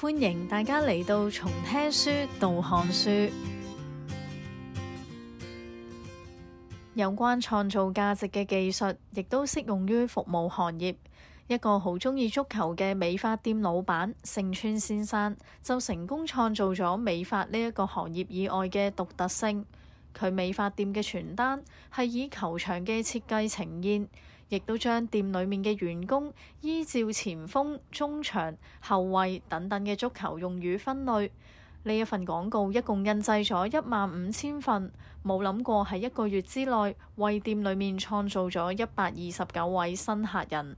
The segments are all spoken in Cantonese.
歡迎大家嚟到從聽書到看書。有關創造價值嘅技術，亦都適用於服務行業。一個好中意足球嘅美髮店老闆盛川先生，就成功創造咗美髮呢一個行業以外嘅獨特性。佢美髮店嘅傳單係以球場嘅設計呈現，亦都將店裏面嘅員工依照前鋒、中場、後衛等等嘅足球用語分類。呢一份廣告一共印製咗一萬五千份，冇諗過喺一個月之內為店裏面創造咗一百二十九位新客人。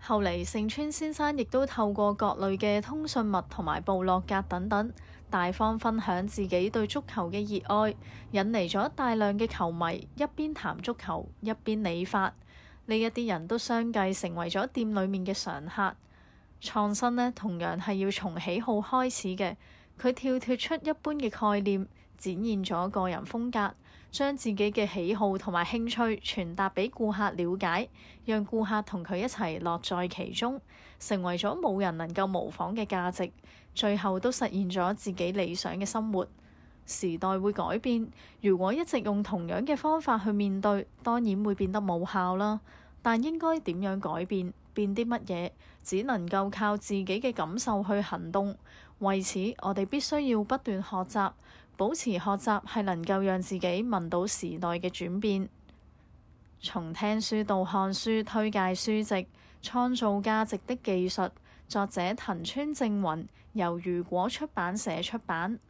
後嚟，盛川先生亦都透過各類嘅通訊物同埋部落格等等。大方分享自己對足球嘅熱愛，引嚟咗大量嘅球迷，一邊談足球，一邊理髮。呢一啲人都相繼成為咗店裡面嘅常客。創新呢，同樣係要從喜好開始嘅。佢跳脱出一般嘅概念。展現咗個人風格，將自己嘅喜好同埋興趣傳達俾顧客了解，讓顧客同佢一齊樂在其中，成為咗冇人能夠模仿嘅價值。最後都實現咗自己理想嘅生活。時代會改變，如果一直用同樣嘅方法去面對，當然會變得冇效啦。但應該點樣改變，變啲乜嘢，只能夠靠自己嘅感受去行動。為此，我哋必須要不斷學習。保持學習係能夠讓自己聞到時代嘅轉變，從聽書到看書，推介書籍，創造價值的技術。作者藤村正宏，由如果出版社出版。